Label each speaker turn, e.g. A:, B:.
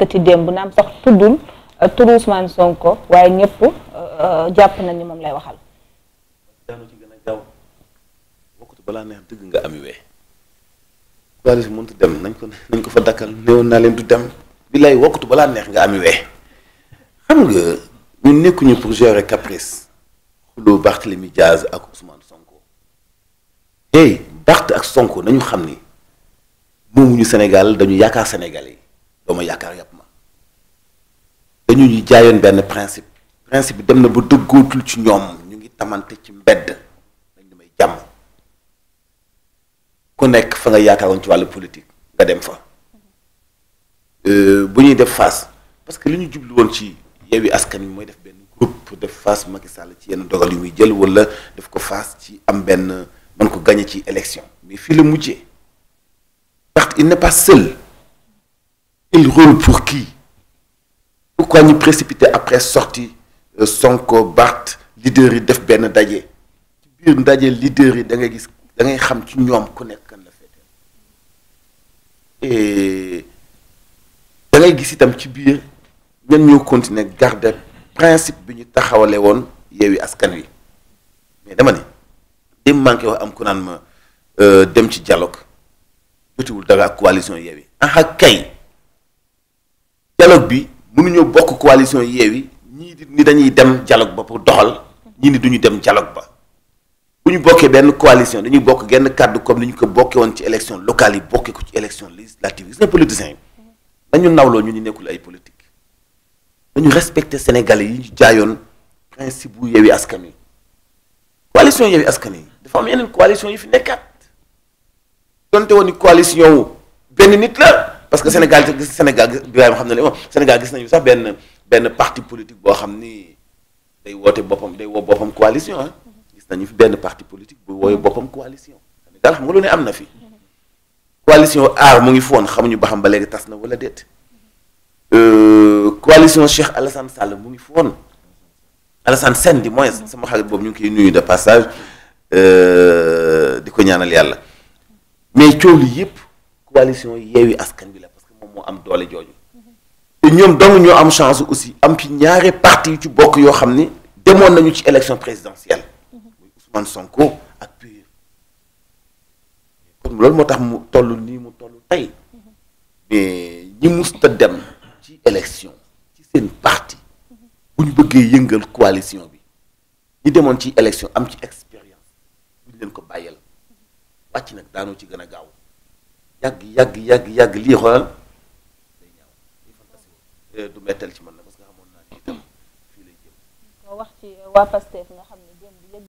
A: yëkkati démb naam sax tuddul euh, turu Ousmane Sonko waaye ñëpp euh, jàpp nañ ni moom lay waxal. daanu balaa neex dëgg nga am wee. dem nañ ko nañ ko fa dakkal néewoon leen du dem. lay wokkatu balaa neex nga am wee. xam nga ñu nekkuñu pour gérer caprice. xuloo Barthélemy Diaz ak Ousmane Sonko. hey Barth ak Sonko nañu xam ni moomuñu Sénégal dañu yaakaar Sénégal yi. doo ma yaakaar yàpp ma dañuy jaayoon benn principe principe bi dem na ba dëggootul ci ñoom ñu ngi tamante ci mbedd dañ di jàmm ku nekk fa nga yaakaaroon ci wàllu politique nga dem fa euh, bu ñuy def fas parce que li ñu jublu woon ci Yewwi Askan Wi mooy def benn groupe def fas Macky Sall ci yenn dogal yu muy jël wala def ko fas ci am benn man ko gagné ci élection mais fii la mujjee parce qu'il n'est pas seul pour roule pour qui pourquoi ñu précipité après sortie euh, Sonko Barth leader yi def benn daje ci biir ndaje leader yi da ngay gis da ngay xam ci ñoom ku nekk kan la féetee gis itam ci biir ñen ñoo continuer garder principe bi ñu taxawale woon yi askan wi mais dama ne dem manqué wax am ku naan ma euh, dem ci dialogue jotiwul dara ak coalition yeewi aha kay dialogue bi mënuñoo bokk coalition Yewwi ñii ni dañuy dem dialogue ba pour doxal ñii ni duñu dem dialogue ba bu ñu bokkee benn coalition dañuy bokk genn kàddu comme ni ñu ko bokkee woon ci élection locale yi bokkee ko ci élection législative yi gis nga politiciens yi dañu nawloo ñu ñu nekkul ay politique dañu respecté Sénégalais yi ñu jaayoon principe bu Yewwi Askan Wi coalition Yewwi Askan Wi dafa am yeneen coalition yi fi nekkaat donte woon ni wu benn nit la parce que Sénégal gis Sénégal gis Ibrahima xam na ne moom Sénégal gis nañu sax benn benn parti politique boo xam ni day woote boppam day woo boppam coalition ah. gis nañu fi benn parti politique bu wooyee boppam coalition. Sénégal xam nga lu ne am na fi. coalition aar mu ngi foon xamuñu ba xam ba léegi tas na wala déet. Euh, coalition Cheikh Alassane Sall mu ngi foon. Alassane Sène di moins sama xarit boobu ñu ngi koy nuyu de passage euh, di ko ñaanal yàlla mais coalition Yewwi Askan bi la parce que moom moo am doole jooju te ñoom dong ñoo am chance aussi am ci ñaari parti yu ci bokk yoo xam ni demoon nañu ci élection présidentielle muy Ousmane Sonko ak PUR loolu moo tax mu toll nii mu toll tey mais ñi mus ta dem ci élection ci seen parti bu ñu bëggee yëngal coalition bi ñi demoon ci élection am ci expérience bu ñu leen ko bàyyal wàcc nag daanoo ci gën a gaaw yàgg yàgg yàgg yàgg lii xoolal day ñaaw lii fantastique du mettal ci man na parce que xamoon naa ni itam fii lay jëm. wax ci waa Pastef nga xam ne